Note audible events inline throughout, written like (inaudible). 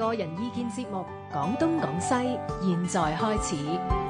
個人意見節目，講東講西，現在開始。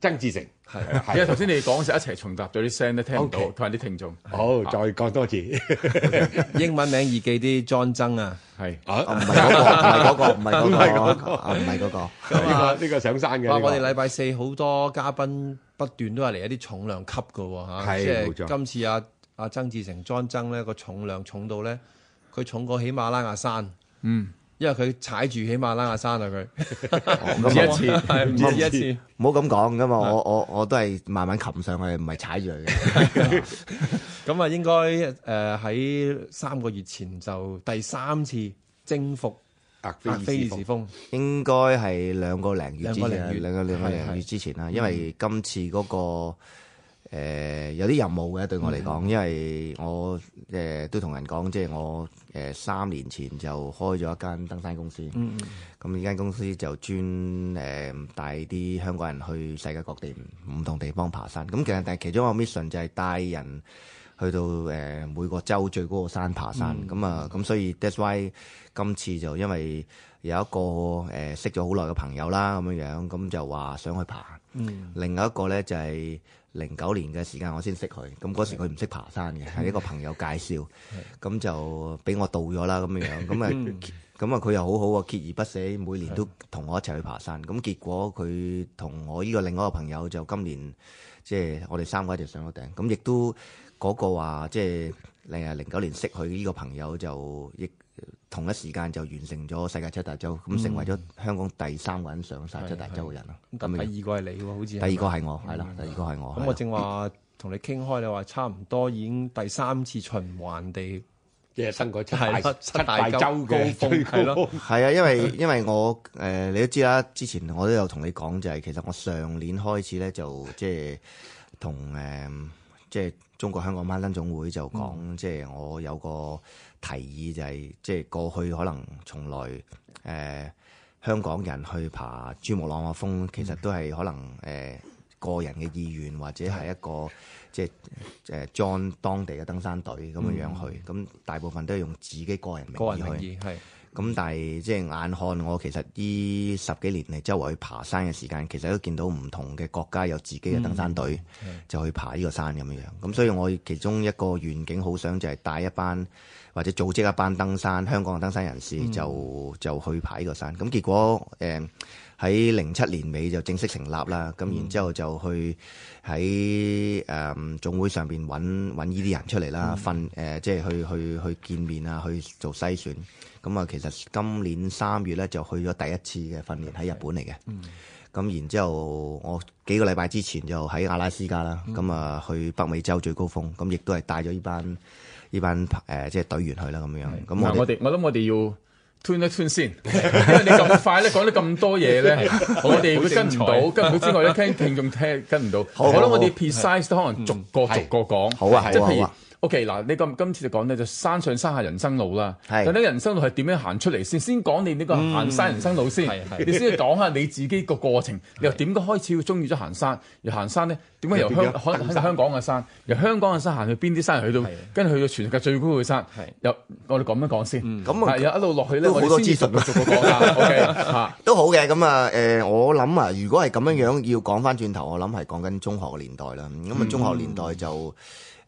曾志成，係啊，因為頭先你講時一齊重疊咗啲聲都聽唔到同埋啲聽眾。好，再講多次英文名易記啲 John 曾啊，係啊，唔係嗰個，唔係嗰個，唔係個，唔係個。呢個呢個上山嘅。哇，我哋禮拜四好多嘉賓不斷都係嚟一啲重量級嘅喎嚇，即係今次阿阿曾志成莊曾咧個重量重到咧，佢重過喜馬拉雅山。嗯。因為佢踩住喜馬拉雅山啊、哦，佢咁一次，唔止一次。唔好咁講㗎嘛。我我我都係慢慢擒上去，唔係踩住佢。咁啊，應該誒喺三個月前就第三次征服額菲爾士峰、啊、額菲爾士峰，應該係兩個零月之前。個零月兩個零月，月，的月之前啦，的因為今次嗰、那個。誒、呃、有啲任務嘅，對我嚟講，因為我誒、呃、都同人講，即係我誒、呃、三年前就開咗一間登山公司，咁呢間公司就專誒帶啲香港人去世界各地唔同地方爬山。咁其實但係其中一個 mission 就係帶人去到誒、呃、每個洲最高個山爬山。咁啊咁所以 That's why 今次就因為有一個誒、呃、識咗好耐嘅朋友啦，咁樣樣咁就話想去爬。嗯、另外一個咧就係、是。零九年嘅時間我，我先識佢，咁嗰時佢唔識爬山嘅，係一個朋友介紹，咁 (laughs) 就俾我到咗啦咁樣，咁啊，咁啊佢又好好啊，鍥而不捨，每年都同我一齊去爬山，咁結果佢同我呢個另外一個朋友就今年即係、就是、我哋三個一齊上咗頂，咁亦都嗰個話即係零啊零九年識佢呢個朋友就亦。同一時間就完成咗世界七大洲，咁成為咗香港第三個人上曬七大洲嘅人咯。咁第二個係你喎，好似第二個係我，係啦，第二個係我。咁我正話同你傾開你話 (laughs) 差唔多已經第三次循環地嘅新個七大七大洲嘅高峰，係啊， (laughs) 因為因為我誒你都知啦，之前我都有同你講就係、是，其實我上年開始咧就即係同誒、呃、即係中國香港攀登總會就講，嗯、即係我有個。提議就係即係過去可能從來誒、呃、香港人去爬珠穆朗瑪峰，其實都係可能誒、呃、個人嘅意願，或者係一個即係 join 當地嘅登山隊咁樣樣去，咁、嗯、大部分都係用自己個人名義去。咁但係即係眼看我其實呢十幾年嚟，周圍去爬山嘅時間，其實都見到唔同嘅國家有自己嘅登山隊、嗯、就去爬呢個山咁樣樣。咁所以我其中一個願景好想就係帶一班或者組織一班登山香港嘅登山人士就就去爬呢個山。咁、嗯、結果誒喺零七年尾就正式成立啦。咁、嗯、然之後就去喺誒總會上邊揾揾呢啲人出嚟啦，分誒即係去去去，去見面啊，去做篩選。咁啊，其實今年三月咧就去咗第一次嘅訓練喺日本嚟嘅。咁然之後，我幾個禮拜之前就喺阿拉斯加啦。咁啊，去北美洲最高峰。咁亦都係帶咗呢班呢班誒、呃、即係隊員去啦咁樣。咁我哋我諗我哋要吞一吞先，因為你咁快咧講咗咁多嘢咧， (laughs) 我哋如 (laughs) 跟唔到，跟唔到之外咧，聽聽眾聽跟唔到。的我諗我哋 precise 可能逐個逐個講。好啊，係啊。O.K. 嗱，你今今次就講咧，就山上山下人生路啦。係，但人生路係點樣行出嚟先？先講你呢個行山人生路先，你先講下你自己個過程。你又點解開始會中意咗行山？又行山咧？點解由香可能香港嘅山，由香港嘅山行去邊啲山？去到跟住去到全世界最高嘅山。係，又我哋講一講先。咁啊，係啊，一路落去咧，都好多知識喎，逐個講。O.K.，都好嘅。咁啊，誒，我諗啊，如果係咁樣樣要講翻轉頭，我諗係講緊中學嘅年代啦。咁啊，中學年代就。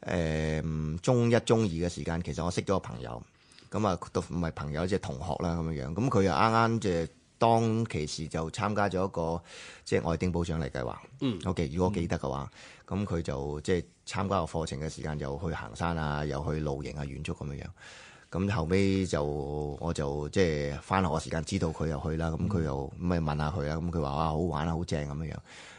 誒、嗯、中一中二嘅時間，其實我識咗個朋友，咁啊都唔係朋友，即係同學啦咁樣樣。咁佢又啱啱即係當其時就參加咗一個即係愛丁堡獎勵計劃。嗯，OK。如果我記得嘅話，咁佢、嗯、就即係參加個課程嘅時間就去行山啊，又去露營啊、遠足咁樣樣。咁後尾，就我就，我就即係翻學嘅時間知道佢又去啦。咁佢又咪問下佢啊？咁佢話啊好玩啊，好正咁樣樣。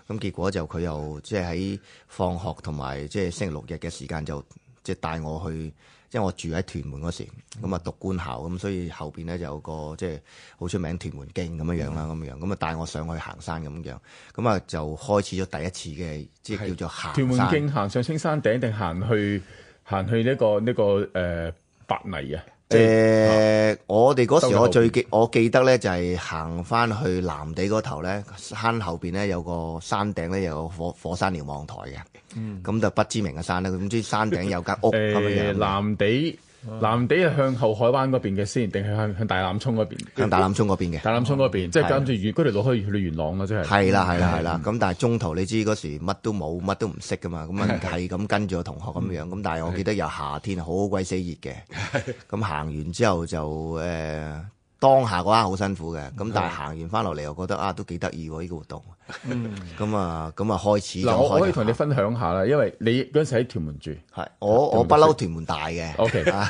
咁結果就佢又即係喺放學同埋即係星期六日嘅時間就即係帶我去，因為我住喺屯門嗰時，咁啊讀官校，咁所以後邊咧就有個即係好出名屯門徑咁樣樣啦，咁樣咁啊帶我上去行山咁樣，咁啊就開始咗第一次嘅即係叫做行屯門徑，行上青山頂定行去行去呢、呢個呢、呢個誒、呃、白泥啊！誒、呃，我哋嗰時我最記，我記得咧就係行翻去藍地嗰頭咧，山後邊咧有個山頂咧有個火火山瞭望台嘅，咁、嗯、就不知名嘅山咧，總知山頂有間屋咁、 (laughs) 呃、樣藍地。南地係向後海灣嗰邊嘅先，定係向向大欖涌嗰邊？向大欖涌嗰邊嘅，大欖涌嗰邊，即係跟住越嗰條路去去元朗咯，真係。係啦，係啦，係啦。咁但係中途你知嗰時乜都冇，乜都唔識噶嘛，咁啊係咁跟住個同學咁樣，咁但係我記得有夏天好鬼死熱嘅。咁行完之後就誒當下嗰下好辛苦嘅，咁但係行完翻落嚟又覺得啊都幾得意喎，呢個活動。嗯，咁啊，咁啊，開始嗱，我可以同你分享下啦，因為你嗰陣時喺屯門住，係我我不嬲屯門大嘅，OK，咁啊，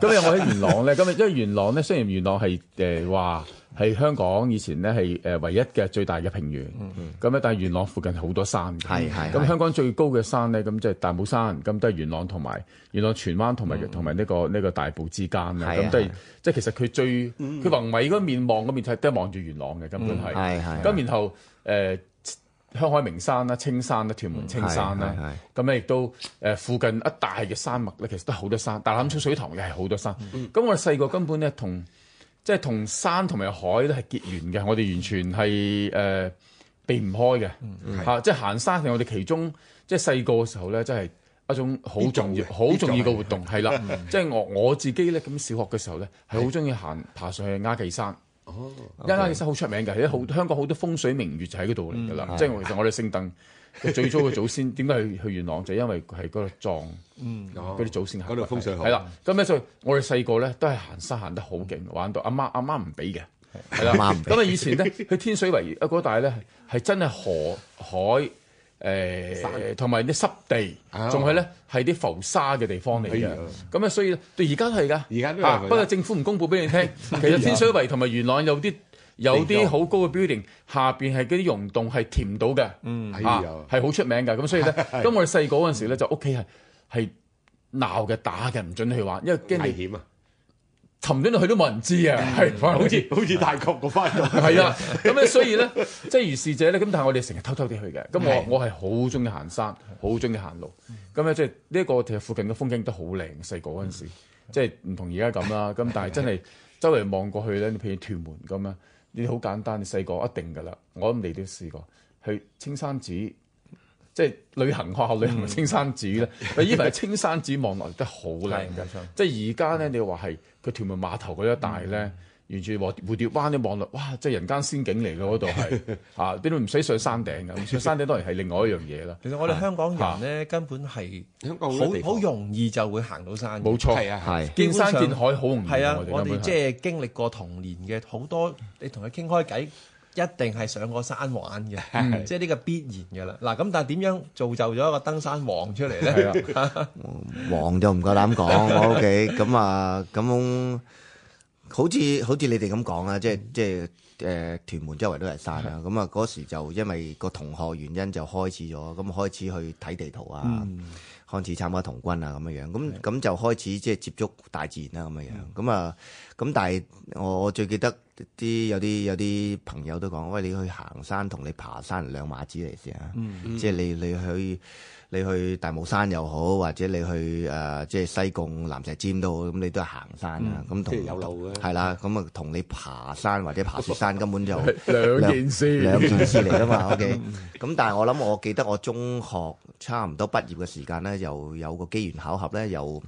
我喺元朗咧，咁因為元朗咧，雖然元朗係誒話係香港以前咧係誒唯一嘅最大嘅平原，咁咧，但係元朗附近好多山嘅，係咁香港最高嘅山咧，咁即係大帽山，咁都係元朗同埋元朗荃灣同埋同埋呢個呢個大埔之間啦，咁即係即係其實佢最佢宏偉嗰面望嗰面睇都係望住元朗嘅，根本係，咁然後。誒香海名山啦、青山啦、屯門青山啦，咁咧亦都誒附近一帶嘅山脈咧，其實都好多山。大欖出水塘嘅係好多山。咁我哋細個根本咧同即係同山同埋海咧係結緣嘅，我哋完全係誒避唔開嘅嚇。即係行山係我哋其中即係細個嘅時候咧，真係一種好重要、好重要嘅活動係啦。即係我我自己咧咁小學嘅時候咧，係好中意行爬上去亞庇山。哦，元朗其實好出名㗎，係好香港好多風水名月就喺嗰度嚟㗎啦，即係其實我哋姓鄧，最早嘅祖先點解去去元朗就因為係嗰度葬，嗯，嗰啲祖先喺嗰度風水好，係啦，咁咧所以我哋細個咧都係行山行得好勁，玩到阿媽阿媽唔俾嘅，係阿媽唔俾，咁啊以前咧去天水圍嗰一帶咧係真係河海。誒同埋啲濕地，仲係咧係啲浮沙嘅地方嚟嘅，咁啊的所以到而家都係㗎，而家都係。不過政府唔公佈俾你聽，的其實天水圍同埋元朗有啲有啲好高嘅 building，下邊係嗰啲溶洞係填到嘅，係係好出名㗎。咁所以咧，咁的我哋細個嗰陣時咧就屋企係係鬧嘅打嘅，唔准你去玩，因為驚危險啊。沉咗落去都冇人知啊，係，好似好似大國個番，係啦。咁咧，所以咧，即係如是者咧。咁但係我哋成日偷偷哋去嘅。咁我我係好中意行山，好中意行路。咁咧，即係呢一個其實附近嘅風景都好靚。細個嗰陣時，即係唔同而家咁啦。咁但係真係周圍望過去咧，你譬如屯門咁啊，呢啲好簡單。細個一定噶啦，我諗你都試過去青山寺，即係旅行學校旅行青山寺咧。但係依青山寺望落嚟都好靚嘅，即係而家咧，你話係。個屯門碼頭嗰一帶咧，完全蝴蝶灣啲望落，哇！即係人間仙境嚟嘅嗰度係嚇，你都唔使上山頂㗎？上山頂當然係另外一樣嘢啦。其實我哋香港人咧， (laughs) 根本係好好容易就會行到山。冇錯，係啊，係見山見海好容易。係啊，我哋即係經歷過童年嘅好多，你同佢傾開偈。一定係上過山玩嘅，嗯、即係呢個必然嘅啦。嗱、啊，咁但係點樣造就咗一個登山王出嚟咧？王就唔夠膽講。O K，咁啊，咁好似好似你哋咁講啊，即係即係誒，屯門周圍都係山啊。咁啊、嗯，嗰時就因為個同學原因就開始咗，咁開始去睇地圖啊。嗯看似開始參加童軍啊咁樣樣，咁咁就開始即係接觸大自然啦咁樣樣，咁啊咁但係我最記得啲有啲有啲朋友都講，喂，你去行山同你爬山兩碼子嚟先啊，嗯、即係你你去。你去大帽山又好，或者你去誒、呃，即係西貢南石尖都好，咁你都係行山啦。咁同有路嘅。係啦，咁啊，同你爬山或者爬雪山根本就兩 (laughs) 兩件事，兩件事嚟噶嘛。OK，咁 (laughs) 但係我諗，我記得我中學差唔多畢業嘅時間咧，又有個機緣巧合咧，又誒、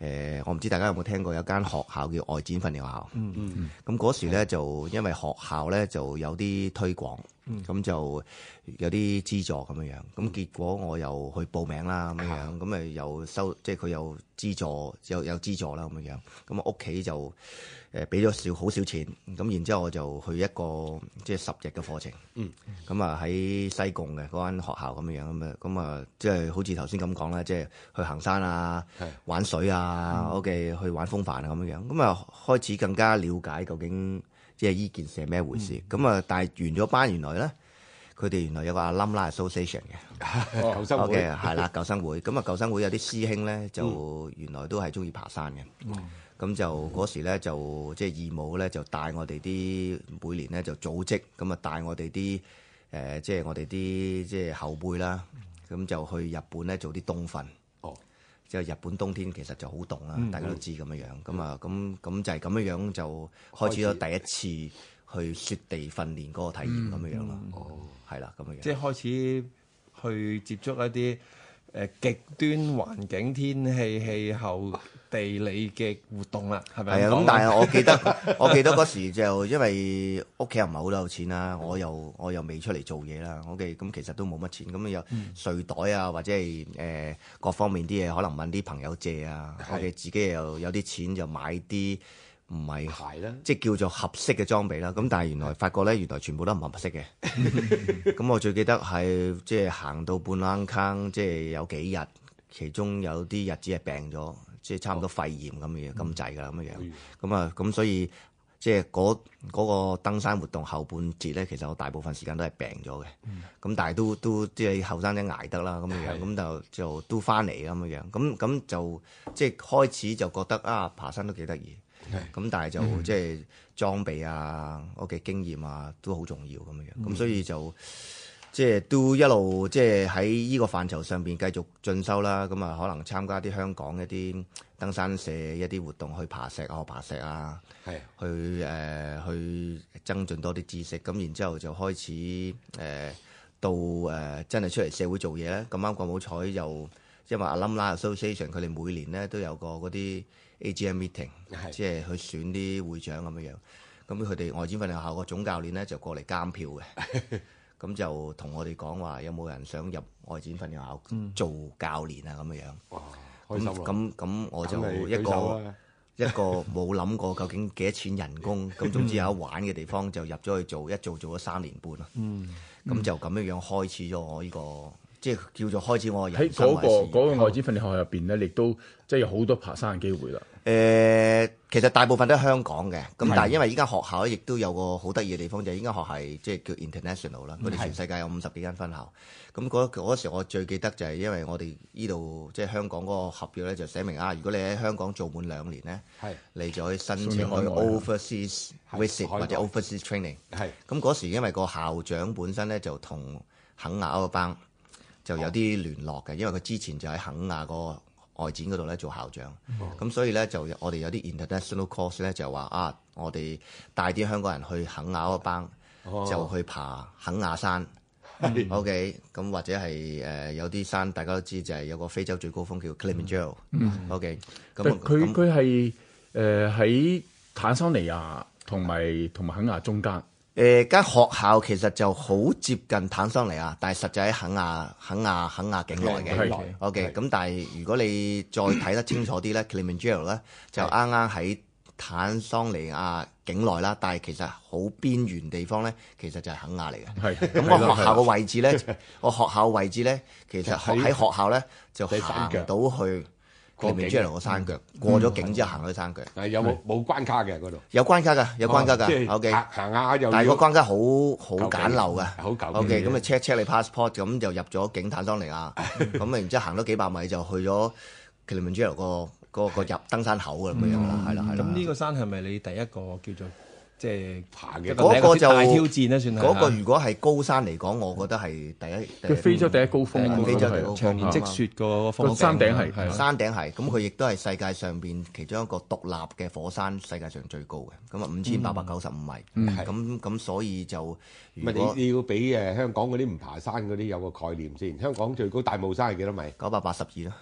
呃，我唔知大家有冇聽過有間學校叫外展訓練學校。嗯嗯咁嗰時咧，就因為學校咧就有啲推廣。咁、嗯、就有啲資助咁樣樣，咁結果我又去報名啦咁樣，咁咪又收，即係佢有資助，有有資助啦咁樣樣，咁屋企就誒俾咗少好少錢，咁然之後我就去一個即係、就是、十日嘅課程，咁啊喺西貢嘅嗰間學校咁樣樣，咁啊咁啊即係好似頭先咁講啦，即、就、係、是、去行山啊，是玩水啊，我嘅、嗯 okay, 去玩風帆咁樣樣，咁啊開始更加了解究竟。即係呢件事係咩回事咁啊？嗯嗯、但係完咗班原來咧，佢哋原來有個 Alumni Association 嘅，舊 (laughs) 生會係啦 Okay, (laughs) 救生會咁啊。救生會有啲師兄咧，就原來都係鍾意爬山嘅，咁、嗯、就嗰時咧就即係義務咧，就帶我哋啲每年咧就組織咁啊，帶我哋啲誒即係我哋啲即係後輩啦，咁就去日本咧做啲冬訓。即係，日本冬天其實就好凍啦，嗯、大家都知咁樣、嗯、樣。咁啊、嗯，咁咁就係咁樣、嗯、樣就開始咗第一次去雪地訓練嗰個體驗咁、嗯嗯、樣、哦、樣咯。係啦，咁樣即係開始去接觸一啲。誒極端環境、天氣、氣候、地理嘅活動啦，係咪啊？咁 (laughs) (laughs) 但係我記得，我記得嗰時就因為屋企又唔係好有錢啦，我又我又未出嚟做嘢啦，OK，咁其實都冇乜錢，咁又睡袋啊，或者係誒、呃、各方面啲嘢，可能問啲朋友借啊，的我哋自己又有啲錢就買啲。唔係鞋啦，呢即係叫做合適嘅裝備啦。咁但係原來發覺咧，原來全部都唔合適嘅。咁 (laughs) (laughs) 我最記得係即係行到半窿坑，即係有幾日，其中有啲日子係病咗，即係差唔多肺炎咁嘅咁滯噶啦。咁、哦、樣、嗯、樣咁啊，咁、嗯、所以即係嗰、嗰個登山活動後半節咧，其實我大部分時間都係病咗嘅。咁、嗯、但係都都即係後生仔捱得啦。咁樣咁就就都翻嚟咁樣樣咁咁的 (laughs) 就即係開始就覺得啊，啊，啊，爬山都幾得意。咁是但係就即係裝備啊，嗯、我嘅經驗啊都好重要咁樣，咁、嗯、所以就即係、就是、都一路即係喺依個範疇上邊繼續進修啦。咁啊，可能參加啲香港一啲登山社一啲活動，去爬石啊，學爬石啊，是去誒、呃、去增進多啲知識。咁然之後就開始誒、呃、到誒、呃、真係出嚟社會做嘢咧、啊。咁啱講好彩又因為 Alumni Association 佢哋每年咧都有個嗰啲。A.G.M. meeting，是即係去選啲會長咁樣樣，咁佢哋外展訓練學校個總教練咧就過嚟監票嘅，咁 (laughs) 就同我哋講話有冇人想入外展訓練學校做教練啊咁樣樣。哇！開心喎！咁咁咁，啊、我就一個、啊、一個冇諗過究竟幾多錢人工，咁總之有一玩嘅地方就入咗去做，一做做咗三年半啦。嗯，咁、嗯、就咁樣樣開始咗我呢、呢個。即係叫做開始我嘅人生喎。喺嗰個嗰個外展訓練學校入邊咧，亦都即係有好多爬山嘅機會啦。誒，其實大部分都係香港嘅。咁但係因為依間學校咧，亦都有個好得意嘅地方就係依間學校係即係叫 international 啦。佢哋全世界有五十幾間分校。咁嗰時我最記得就係因為我哋呢度即係香港嗰個合約咧就寫明啊，如果你喺香港做滿兩年咧，你就可以申請去 overseas visit 或者 overseas training。係。咁嗰時因為個校長本身咧就同肯雅嗰班。就有啲聯絡嘅，因為佢之前就喺肯亞個外展嗰度咧做校長，咁、嗯、所以咧就我哋有啲 international course 咧就話啊，我哋帶啲香港人去肯亞嗰一班，哦、就去爬肯亞山，嗯、OK，咁或者係誒、呃、有啲山大家都知就係有個非洲最高峰叫 Kilimanjaro，OK，咁佢佢係誒喺坦桑尼亞同埋同埋肯亞中間。誒間、呃、學校其實就好接近坦桑尼亞，但係實際喺肯亞、肯亞、肯亞境內嘅。OK，咁但係如果你再睇得清楚啲咧，Kilimanjaro 咧就啱啱喺坦桑尼亞境內啦，但係其實好邊緣地方咧，其實就係肯亞嚟嘅。咁我學校嘅位置咧，我學校位置咧， (coughs) 其實喺學校咧就行唔到去。Kilimanjaro 個山腳過咗境之後行去山腳，係有冇冇關卡嘅嗰度？有關卡㗎，有關卡㗎。OK，行下又，但係個關卡好好簡陋嘅，好簡。OK，咁啊 check check 你 passport，咁就入咗坦桑尼亞，咁啊然之後行咗幾百米就去咗 Kilimanjaro 個入登山口嘅咁樣啦，係啦係啦。咁呢個山係咪你第一個叫做？即係爬嘅嗰個就大挑戰啦。算係嚇。嗰個如果係高山嚟講，我覺得係第一。佢非洲第一高峰，非洲第一個長年積雪個山頂，係山頂係。咁佢亦都係世界上邊其中一個獨立嘅火山，世界上最高嘅。咁啊，五千八百九十五米。咁咁所以就唔係你你要俾誒香港嗰啲唔爬山嗰啲有個概念先。香港最高大帽山係幾多米？九百八十二咯。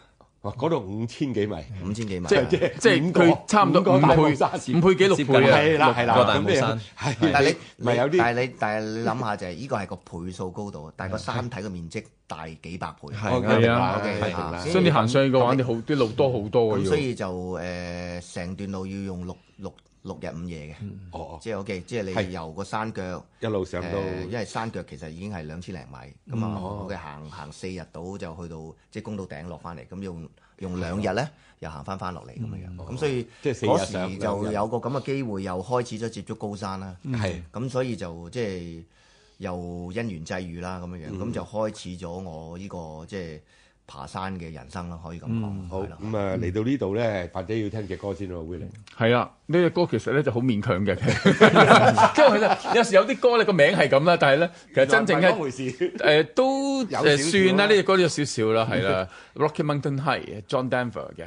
嗰度五千幾米，五千幾米，即即即佢差唔多五倍，五倍幾六倍啊！係啦，係啦，個大帽山係。但係你唔係有啲？但係你但係你諗下就係呢個係個倍數高度，但係個山體嘅面積大幾百倍。係啊，係啊，所以你行上去嘅話你好啲路多好多。咁所以就誒成段路要用六六。六日五夜嘅，即係 OK，即係你由個山腳一路上到，因為山腳其實已經係兩千零米咁啊，我嘅行行四日到就去到，即係攻到頂落翻嚟，咁用用兩日呢又行翻翻落嚟咁樣樣，咁所以即嗰時就有個咁嘅機會又開始咗接觸高山啦，係咁所以就即係又因緣際遇啦咁樣樣，咁就開始咗我呢個即係。爬山嘅人生咯，可以咁講。好，咁啊，嚟到呢度咧，或者要聽隻歌先咯，William。係 (laughs) 啊， (laughs) 呢隻歌其實咧就好勉強嘅，因為咧有時有啲歌咧個名係咁啦，但係咧其實真正嘅回事誒都誒算啦，呢隻歌都有少少啦，係啦，Rocky Mountain High，John Denver 嘅。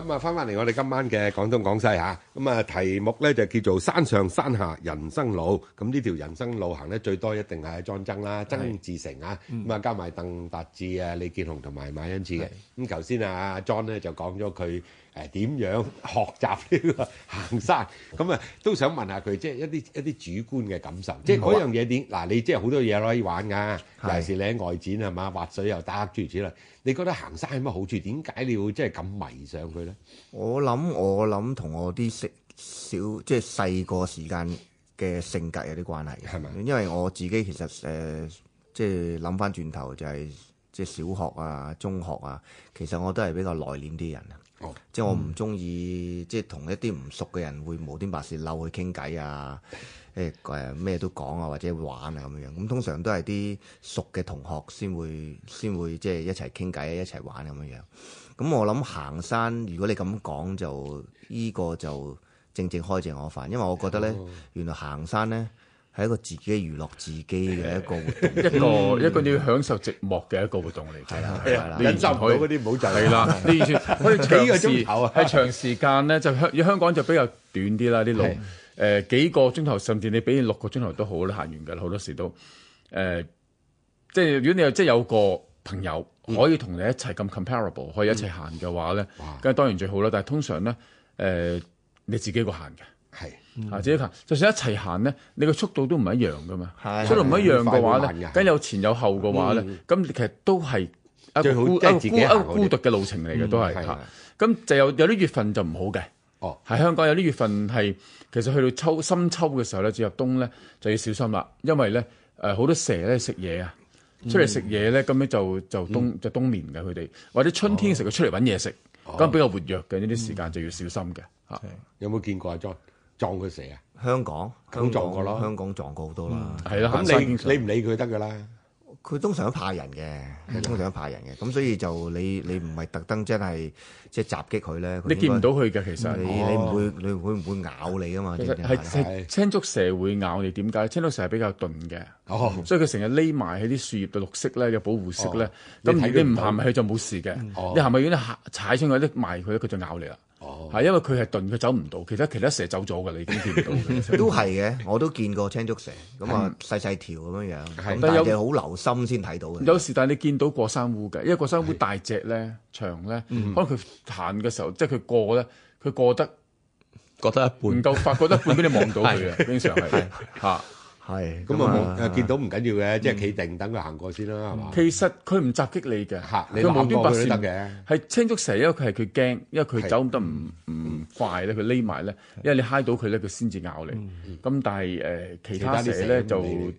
咁啊，返返嚟我哋今晚嘅廣東廣西吓，咁啊題目咧就叫做山上山下人生路，咁呢條人生路行咧最多一定係阿莊曾啦，曾志成啊，咁啊的、嗯、加埋鄧達智啊、李健雄同埋馬恩賜嘅，咁頭先啊阿莊咧就講咗佢。誒點樣學習呢個行山咁啊、 (laughs) 嗯？都想問下佢，即係一啲一啲主觀嘅感受。嗯、即係嗰樣嘢點嗱，嗯、你即係好多嘢可以玩噶、啊，是尤其是你喺外展係嘛，滑水又打住，諸如此類。你覺得行山有乜好處？點解你會即係咁迷上佢咧？我諗我諗同我啲小，小即係細個時間嘅性格有啲關係嘅，係咪吧？因為我自己其實誒、呃、即係諗翻轉頭就係、是、即係小學啊、中學啊，其實我都係比較內斂啲人。哦、即係我唔中意，嗯、即係同一啲唔熟嘅人會無端端白事嬲去傾偈啊，誒誒咩都講啊，或者玩啊咁樣。咁通常都係啲熟嘅同學先會先會即係一齊傾偈、一齊玩咁樣。咁我諗行山，如果你咁講就呢個就正正開正我飯，因為我覺得呢，哦、原來行山呢。係一個自己娛樂自己嘅一個活動，一個一個你要享受寂寞嘅一個活動嚟。係啦、 (laughs) 啊，係啦、啊，忍受唔到嗰啲唔好就係啦。呢啲好似幾個鐘頭啊，係、啊、長時間咧就香。香港就比較短啲啦，啲路誒是、呃、幾個鐘頭，甚至你俾你六個鐘頭都好啦，行完噶啦，好多時都誒、呃。即係如果你有即係有個朋友可以同你一齊咁 comparable，可以一齊行嘅話咧，咁、嗯嗯、當然最好啦。但係通常咧，誒、呃、你自己個行嘅係。的啊！自己行，就算一齊行咧，你個速度都唔係一樣嘅嘛。速度唔一樣嘅話咧，梗有前有後嘅話咧，咁其實都係一個孤孤孤獨嘅路程嚟嘅都係。咁就有有啲月份就唔好嘅。哦，喺香港有啲月份係其實去到秋深秋嘅時候咧，至入冬咧就要小心啦。因為咧誒好多蛇咧食嘢啊，出嚟食嘢咧，咁樣就就冬就冬眠嘅佢哋，或者春天食佢出嚟揾嘢食，咁比較活躍嘅呢啲時間就要小心嘅嚇。有冇見過阿 John？撞佢蛇啊！香港，香港撞過啦，香港撞過好多啦，係啦。咁你你唔理佢得㗎啦。佢通常都怕人嘅，通常都怕人嘅。咁所以就你你唔係特登真係即係襲擊佢咧。你見唔到佢嘅其實，你你唔會你會唔會咬你啊嘛？係係青竹蛇會咬你點解？青竹蛇係比較鈍嘅，所以佢成日匿埋喺啲樹葉嘅綠色咧有保護色咧。咁你唔行埋去就冇事嘅，你行埋去咧踩穿佢咧埋佢，佢就咬你啦。哦，係因為佢係鈍，佢走唔到，其他其他蛇走咗噶，你已經見唔到。都係嘅，我都見過青竹蛇，咁啊細細條咁樣樣，咁大隻好留心先睇到嘅。有時但係你見到過山烏嘅，因為過山烏大隻咧，長咧，可能佢行嘅時候，即係佢過咧，佢過得，過得一半，唔夠發，過得一半，你望唔到佢嘅，經常係吓。係，咁啊冇，見到唔緊要嘅，即係企定等佢行過先啦，係嘛？其實佢唔襲擊你嘅，嚇，你冇端端都得嘅。係青竹蛇咧，因為，佢係佢驚，因為佢走得唔唔快咧，佢匿埋咧。因為你揩到佢咧，佢先至咬你。咁但係誒，其他蛇咧就唔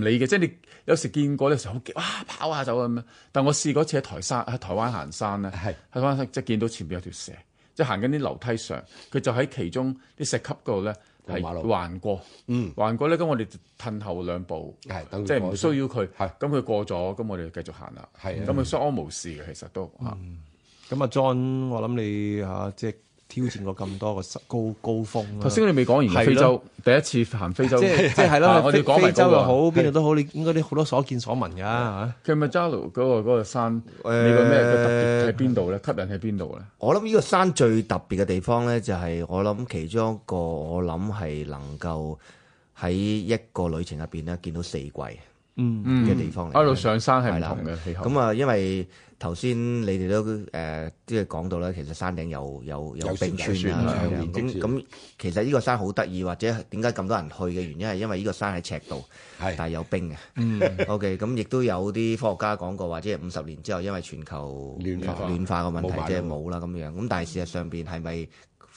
理嘅。即係你有時見過有時好急，跑下走咁樣。但我試過一次喺台山喺台灣行山咧，喺翻即係見到前邊有條蛇，即係行緊啲樓梯上，佢就喺其中啲石級度咧。係馬路橫過，嗯，環過咧，咁我哋褪後兩步，係，即係唔需要佢，咁佢是過咗，咁我哋繼續行啦，係是，咁佢相安無事嘅，其實都嚇。咁、嗯、啊，John，我諗你嚇、啊、即係。挑戰過咁多個高高峰、啊。頭先你未講完的非洲第一次行非洲，即即係咯，我哋講非洲又好，邊度都好，的你應該啲好多所見所聞㗎嚇、啊。其實咪扎魯嗰個嗰、嗰個山，誒，喺邊度咧？吸引喺邊度咧？我諗呢個山最特別嘅地方咧、就係，就係我諗其中一個，我諗係能夠喺一個旅程入邊咧，見到四季。嗯，嘅地方，一路上山係唔同嘅氣候。咁啊，因為頭先你哋都誒即係講到咧，其實山頂有有有冰川啊，咁其實呢個山好得意，或者點解咁多人去嘅原因係因為呢個山喺赤道，但係有冰嘅。OK，咁亦都有啲科學家講過或者係五十年之後，因為全球暖化暖化個問題，即係冇啦咁樣。咁但係事實上邊係咪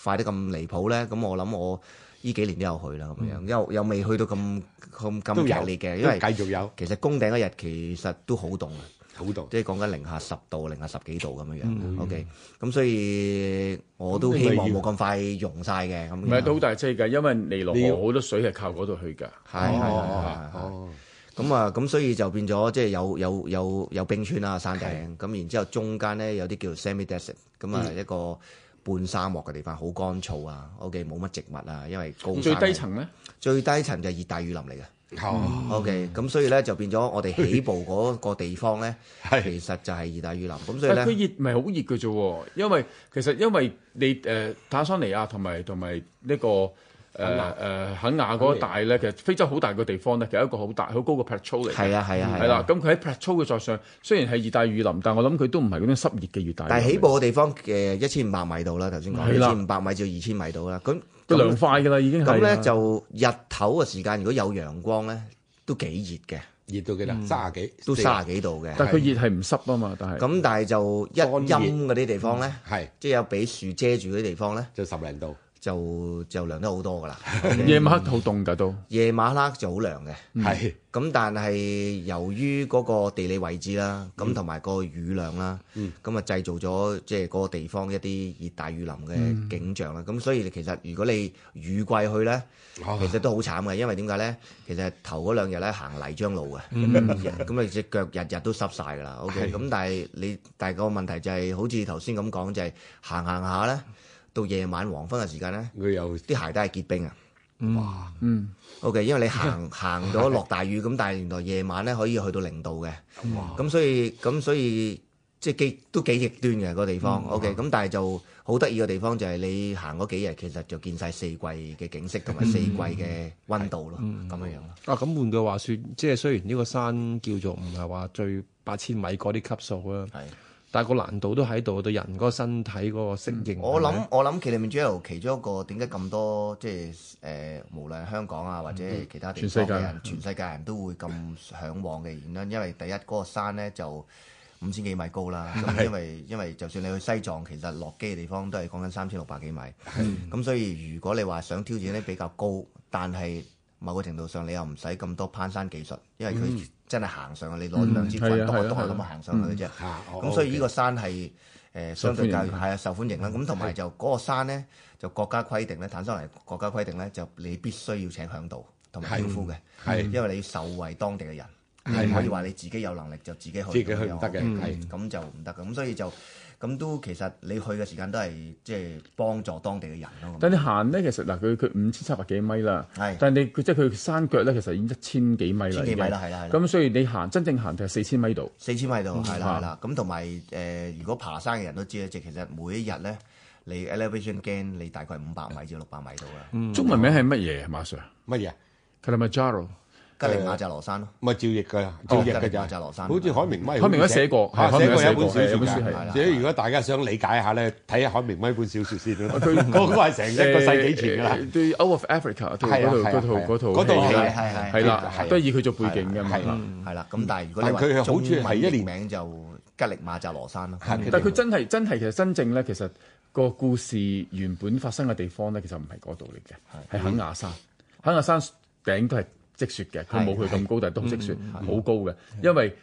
快得咁離譜咧？咁我諗我。呢幾年都有去啦，咁樣又又未去到咁咁咁激烈嘅，因為繼續有。其實攻頂一日其實都好凍嘅，好凍，即係講緊零下十度、零下十幾度咁樣樣。OK，咁所以我都希望冇咁快溶晒嘅。唔係都好大積嘅，因為尼羅河好多水係靠嗰度去㗎。係係係。哦，咁啊，咁所以就變咗即係有有有有冰川啦、山頂，咁然之後中間咧有啲叫 semi-desert，咁啊一個。半沙漠嘅地方好乾燥啊，O K 冇乜植物啊，因為高最低層咧，最低層就熱帶雨林嚟嘅，O K 咁所以咧就變咗我哋起步嗰個地方咧，係 (laughs) 是其實就係熱帶雨林咁所以咧，佢熱唔係好熱嘅啫喎，因為其實因為你誒坦、呃、桑尼亞同埋同埋呢個。誒肯亞嗰個帶咧，其實非洲好大個地方咧，其實一個好大好高個 Plateau 嚟。係啊係啊係啦，咁佢喺 Plateau 嘅在上，雖然係熱帶雨林，但我諗佢都唔係嗰種濕熱嘅熱帶。但係起步嘅地方嘅一千五百米度啦，頭先講一千五百米至二千米度啦，咁都涼快㗎啦已經。咁咧就日頭嘅時間，如果有陽光咧，都幾熱嘅，熱到幾多？三十幾都三十幾度嘅。但係佢熱係唔濕啊嘛，但係咁但係就一陰嗰啲地方咧，即係有俾樹遮住嗰啲地方咧，就十零度。就就涼得好多噶啦， (music) 嗯、夜晚黑好凍噶都。夜晚黑就好涼嘅，係咁。但係由於嗰個地理位置啦，咁同埋個雨量啦，咁啊、嗯、製造咗即係嗰個地方一啲熱帶雨林嘅景象啦。咁、嗯、所以其實如果你雨季去呢，啊、其實都好慘嘅，因為點解呢？其實頭嗰兩日咧行泥漿路嘅，咁、嗯嗯、你隻腳日日都濕晒噶啦。OK，咁、嗯嗯、但係你但係個問題就係、是、好似頭先咁講，就係、是、行行下呢。到夜晚黃昏嘅時間咧，佢又啲鞋底係結冰啊！哇，嗯，O K，因為你行行咗落大雨，咁但係原來夜晚咧可以去到零度嘅，咁所以咁所以即係幾都幾極端嘅個地方。O K，咁但係就好得意嘅地方就係你行嗰幾日其實就見晒四季嘅景色同埋四季嘅温度咯，咁樣樣咯。啊，咁換句話說，即係雖然呢個山叫做唔係話最八千米嗰啲級數啦。但係個難度都喺度，對人嗰個身體嗰個適應、嗯。我諗我諗，其實裡面其中一個點解咁多，即係誒、呃，無論香港啊或者其他地方嘅人，全世界人都會咁嚮往嘅原因，因為第一嗰、那個山呢就五千幾米高啦。咁是因為因為就算你去西藏，其實落機嘅地方都係講緊三千六百幾米。咁是、嗯、所以如果你話想挑戰呢，比較高，但係某個程度上，你又唔使咁多攀山技術，因為佢真係行上去。你攞兩支棍都都可以咁行上去啫。咁所以呢個山係誒相對較係啊受歡迎啦。咁同埋就嗰個山咧，就國家規定咧，坦桑尼亞國家規定咧，就你必須要請嚮導，同埋招呼嘅，係因為你要受惠當地嘅人。係可以話你自己有能力就自己去，自己去得嘅，係咁就唔得嘅。咁所以就咁都其實你去嘅時間都係即係幫助當地嘅人咯。但你行咧，其實嗱，佢佢五千七百幾米啦，係。但你佢即係佢山腳咧，其實已經一千幾米啦。千幾米啦，係啦。咁所以你行真正行就係四千米度。四千米度，係啦係啦。咁同埋誒，如果爬山嘅人都知咧，即係其實每一日咧，你 elevation gain 你大概五百米至六百米度啦。中文名係乜嘢，馬 sir 乜嘢 i m b Charles。吉力馬扎羅山咯，咪趙翼嘅，趙翼嘅就就羅山。好似海明威，海明威寫過，寫過一本小説。即係如果大家想理解下咧，睇下海明威本小説先啦。佢嗰個成一個世紀前嘅啦。對 Out of Africa，嗰套嗰套嗰套。嗰套係係係啦，都以佢做背景嘅嘛。係啦，咁但係如果佢好似係，一年名就吉力馬扎羅山咯。但係佢真係真係其實真正咧，其實個故事原本發生嘅地方咧，其實唔係嗰度嚟嘅，係肯亞山。肯亞山頂都係。積雪嘅，佢冇佢咁高，但係都好積雪，好高嘅。因為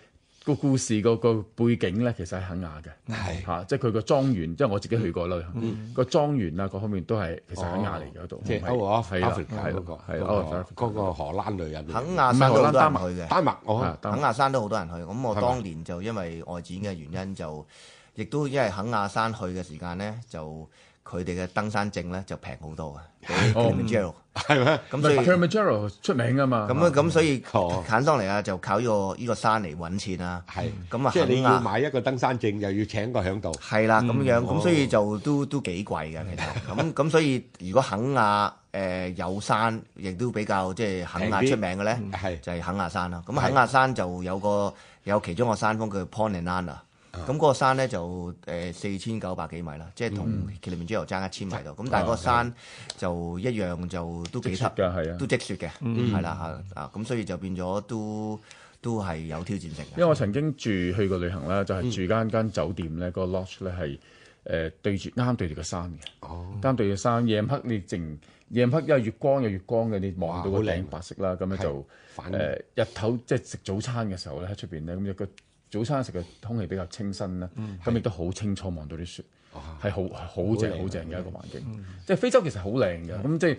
個故事個背景咧，其實喺肯亞嘅，嚇，即係佢個莊園，即係我自己去過旅行，個莊園啊，各方面都係其實喺肯亞嚟嗰度，即係歐啊，係啦，係嗰個，係啊，嗰個荷蘭旅遊，肯亞山好多人去嘅，丹麥，我肯亞山都好多人去。咁我當年就因為外展嘅原因，就亦都因為肯亞山去嘅時間咧，就。佢哋嘅登山證咧就平好多嘅 k，咁所以 Kilimanjaro 出名啊嘛。咁啊，咁所以坦桑尼亞，就靠呢個依個山嚟揾錢啦。係。咁啊，即係你要買一個登山證，又要請個嚮導。係啦，咁樣，咁所以就都都幾貴嘅，其實。咁，咁所以如果肯亞誒有山，亦都比較即係肯亞出名嘅咧，就係肯亞山啦。咁肯亞山就有個有其中個山峰叫 Point Lenana 啊。咁嗰、嗯、個山咧就誒四千九百幾米啦，即係同騎立面珠又爭一千米度。咁、嗯、但係嗰個山就一樣就都幾濕㗎，都積雪嘅，係啦嚇。啊，咁、啊、所以就變咗都都係有挑戰性嘅。因為我曾經住去過旅行啦，就係、是、住間間酒店咧，個 lodge 咧係誒對住啱啱對住個山嘅，啱啱、哦、對住山。夜黑你淨夜黑，因為月光有月光嘅，你望到哇個頂白色啦。咁樣就誒日頭即係食早餐嘅時候咧，喺出邊咧咁一個。早晨時嘅空氣比較清新啦，嗯、咁亦都好清楚望到啲雪。係好好正好正嘅一個環境，即係非洲其實好靚嘅，咁即係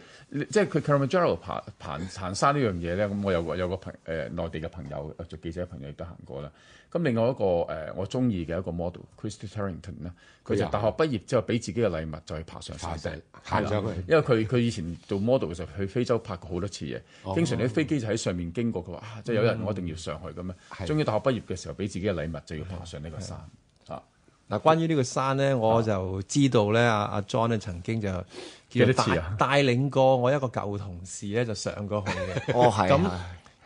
即係佢 Kilimanjaro 爬爬山呢樣嘢咧，咁我有個有個朋誒內地嘅朋友，做記者朋友亦都行過啦。咁另外一個誒我中意嘅一個 model，Christy Turlington 咧，佢就大學畢業之後俾自己嘅禮物就係爬上山頂，爬上去。因為佢佢以前做 model 嘅時候去非洲拍過好多次嘢，經常啲飛機就喺上面經過，佢話即係有人，我一定要上去咁樣。終於大學畢業嘅時候俾自己嘅禮物就要爬上呢個山。嗱，關於呢個山呢，我就知道呢，阿 John 曾經就幾多次帶領過我一個舊同事呢，就上過去 (laughs) 哦，係。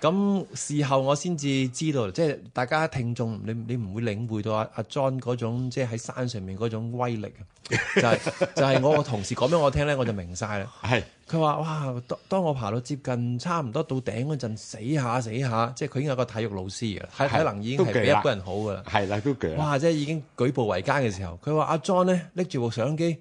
咁事後我先至知道，即係大家聽眾，你你唔會領會到阿、啊、阿、啊、John 嗰種即係喺山上面嗰種威力啊、 (laughs) 就係！就係就係我個同事講俾我聽咧，我就明晒啦。係佢話：哇！當當我爬到接近差唔多到頂嗰陣，死下死下，即係佢已經有個體育老師啊，可是能已經係比一般人好噶啦。係啦，都攰哇！即係已經舉步維艱嘅時候，佢話阿 John 咧拎住部相機，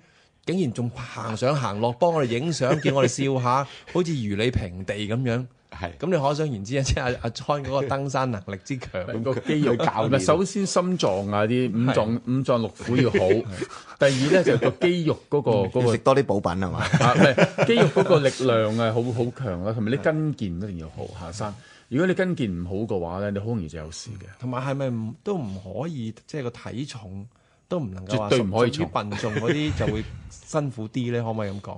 竟然仲行上行落幫我哋影相，叫我哋笑下， (laughs) 好似如履平地咁樣，樣。係，咁是你可想而知，即係阿阿崔嗰個登山能力之強，嗰個肌肉教練。首先心臟啊啲五臟的五臟六腑要好，是的 (laughs) 第二咧就是、個肌肉嗰、那個個。食、那個、多啲補品係嘛？係、 (laughs) 啊、唔係、肌肉嗰個力量啊，好好強咯，同埋你跟腱一定要好。下山的，如果你跟腱唔好嘅話咧，你好容易就有事嘅。同埋係咪唔都唔可以，即、就、係、是、個體重都唔能夠絕對唔可以重。笨重嗰啲就會辛苦啲咧，可唔可以咁講？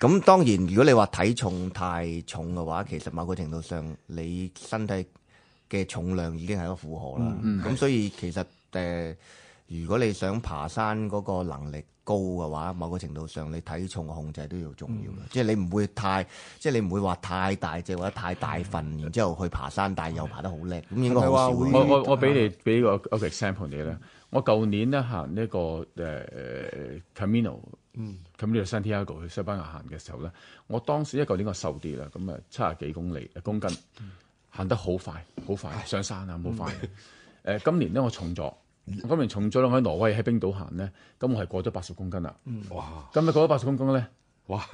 咁當然，如果你話體重太重嘅話，其實某個程度上你身體嘅重量已經係一個負荷啦。咁所以其實誒、呃，如果你想爬山嗰個能力高嘅話，某個程度上你體重控制都要重要啦。嗯、即係你唔會太，即係你唔會話太大隻或者太大份，然之後去爬山，但係又爬得好叻，應該。唔係話，我我我俾你俾、啊個，okay，個 example 你咧。我舊年咧行呢、呢個誒、呃、Camino，Camino、嗯、Santiago 去西班牙行嘅時候咧，我當時，因為舊年我瘦啲啦，咁啊七十幾公里公斤，行得好快好快上山啊，好快。誒今年咧我重咗，今年重咗啦，我喺挪威喺冰島行咧，咁我係過咗八十公斤啦。哇！咁咪過咗八十公斤咧？哇！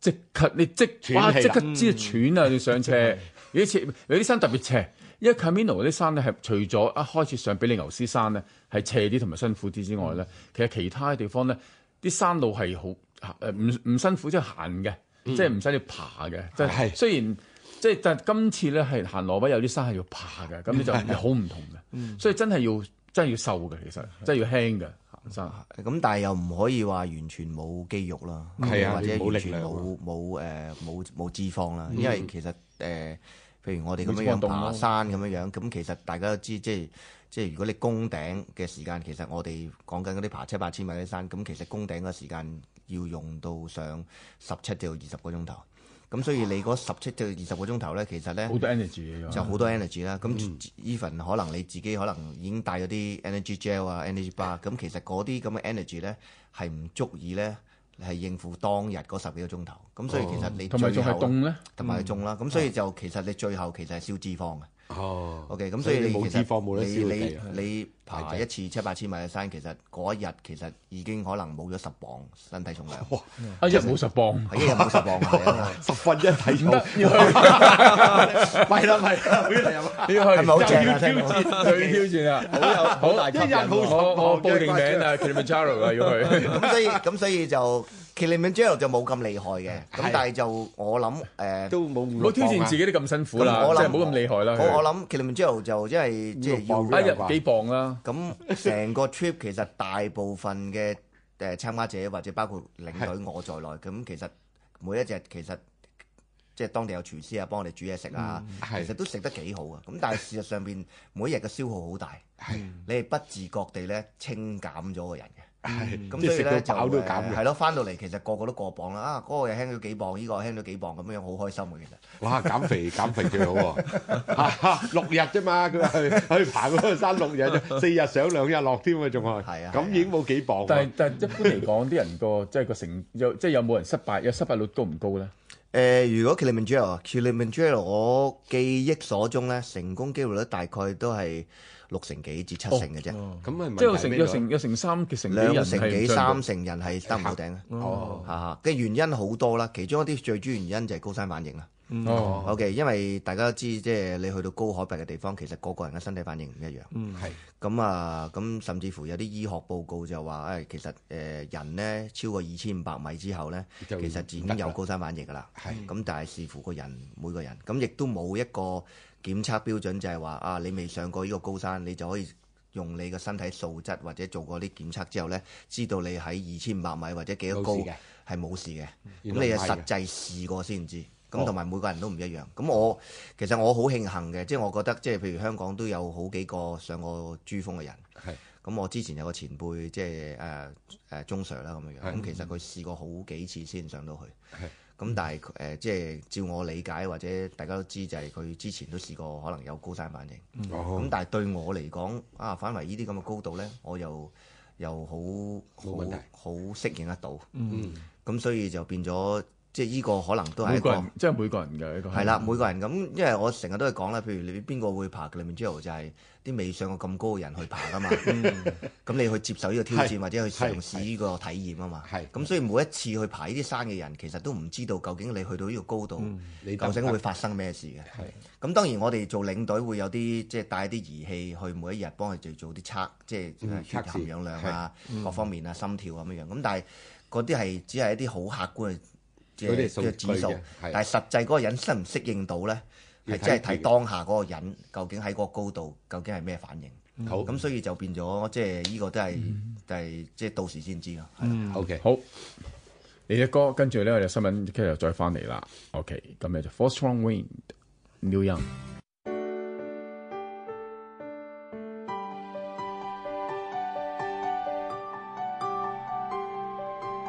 即刻你 (coughs) 即哇即刻知喘啊！你上斜， (laughs) (coughs) 有啲斜，有啲山特別斜。因為 Camino 嗰啲山咧係除咗一開始上比利牛斯山咧係斜啲同埋辛苦啲之外咧，其實其他嘅地方咧啲山路係好誒唔唔辛苦即係行嘅，即係唔使你爬嘅。就雖然即係、即係、但係今次咧係行挪威有啲山係要爬嘅，咁你就好唔同嘅。係係所以真係要真係要瘦嘅，其實真係要輕嘅行山。咁但係又唔可以話完全冇肌肉啦，啊、或者完全冇力量冇誒冇冇脂肪啦，因為其實誒。呃譬如我哋咁樣樣爬山咁樣樣，咁其實大家都知，即係即係如果你攻頂嘅時間，其實我哋講緊嗰啲爬七八千米啲山，咁其實攻頂嘅時間要用到上十七到二十個鐘頭。咁所以你嗰十七到二十個鐘頭咧，其實咧就好多 energy，多 energy 啊，就好多 energy 啦。咁 even 可能你自己可能已經帶咗啲 energy gel 啊，energy bar，咁其實嗰啲咁嘅 energy 咧係唔足以咧。係應付當日嗰十幾個鐘頭，咁、哦、所以其實你最後同埋係中啦，咁、嗯、所以就其實你最後其實係燒脂肪嘅。哦，OK，咁所以你其實你你你爬一次七八千米嘅山，其實嗰一日其實已經可能冇咗十磅身體重量。哇，一日冇十磅，一日冇十磅，十分一體重。係啦係啦，要嚟啊！要去，係咪好正？挑戰，去挑戰啊！好有好大挑戰，我我報定名啦，Carmichael 啊，要去。咁所以咁所以就。Kilimanjaro 就冇咁厲害嘅，咁但係就我諗誒都冇冇挑戰自己都咁辛苦啦，我諗冇咁厲害啦。我諗 Kilimanjaro 就即係即係要一日幾磅啦。咁成個 trip 其實大部分嘅誒參加者或者包括領隊我在內，咁其實每一隻其實即係當地有廚師啊幫我哋煮嘢食啊，其實都食得幾好嘅。咁但係事實上邊每一日嘅消耗好大，你係不自覺地咧清減咗個人嘅。係，咁你食得飽都減係咯，翻到嚟其實個個都過磅啦。啊，嗰個又輕咗幾磅，呢個輕咗幾磅，咁樣樣好開心嘅其實。哇，減肥減肥最好喎，嚇六日啫嘛，佢去去爬嗰個山六日啫，四日上兩日落添啊，仲係。係啊，咁已經冇幾磅。但係但係一般嚟講，啲人個即係個成有即係有冇人失敗，有失敗率高唔高咧？誒，如果 Kilimanjaro 啊，Kilimanjaro 我記憶所中咧，成功機會率大概都係。六成幾至七成嘅啫，即係六成六成六成三嘅成。兩成幾三成人係得唔到頂哦,哦、哎，吓吓嘅原因好多啦，其中一啲最主要原因就係高山反應啦。好哦，OK，因為大家都知，即係你去到高海拔嘅地方，其實個個人嘅身體反應唔一樣。係、嗯。咁啊，咁、嗯呃、甚至乎有啲醫學報告就話，誒，其實誒、呃、人咧超過二千五百米之後咧，其實已經有高山反應噶啦。係、嗯。咁 (laughs) 是但係視乎個人，每個人咁亦都冇一個。檢測標準就係話啊，你未上過呢個高山，你就可以用你嘅身體素質或者做過啲檢測之後呢，知道你喺二千五百米或者幾多高係冇事嘅。咁你係實際試過先知。咁同埋每個人都唔一樣。咁我其實我好慶幸嘅，即係我覺得即係譬如香港都有好幾個上過珠峰嘅人。係是。咁我之前有個前輩即係誒誒鍾 Sir 啦咁樣。係是。咁其實佢試過好幾次先上到去。係是。咁但係誒、呃，即係照我理解，或者大家都知，就係、是、佢之前都試過可能有高山反應。咁、嗯、但係對我嚟講，啊，反為呢啲咁嘅高度呢，我又又好好適應得到。咁、嗯嗯、所以就變咗。即係呢個可能都係一個，即係每個人嘅一個。係啦，每個人咁的、嗯，因為我成日都係講啦，譬如你邊個會爬裏面之後，就係啲未上過咁高嘅人去爬啊嘛。咁、 (laughs) 嗯、你去接受呢個挑戰是或者去嘗試呢個體驗啊嘛。咁所以每一次去爬呢啲山嘅人，其實都唔知道究竟你去到呢個高度、嗯、究竟會發生咩事嘅。咁、嗯、當然我哋做領隊會有啲即係帶啲儀器去每一日幫佢哋做啲測，即係血液含氧量，量啊、嗯嗯、各方面啊、心跳咁樣樣。咁但係嗰啲係只係一啲好客觀嘅。即係指數，但係實際嗰個人適唔適應到咧，係真係睇當下嗰個人究竟喺嗰個高度究竟係咩反應。好、嗯，咁所以就變咗，即係呢個都係就即係到時先知咯。嗯的，OK，好，你的歌跟住咧，我哋新聞跟住又再翻嚟啦。OK，咁你就 First Strong Wind，New Young。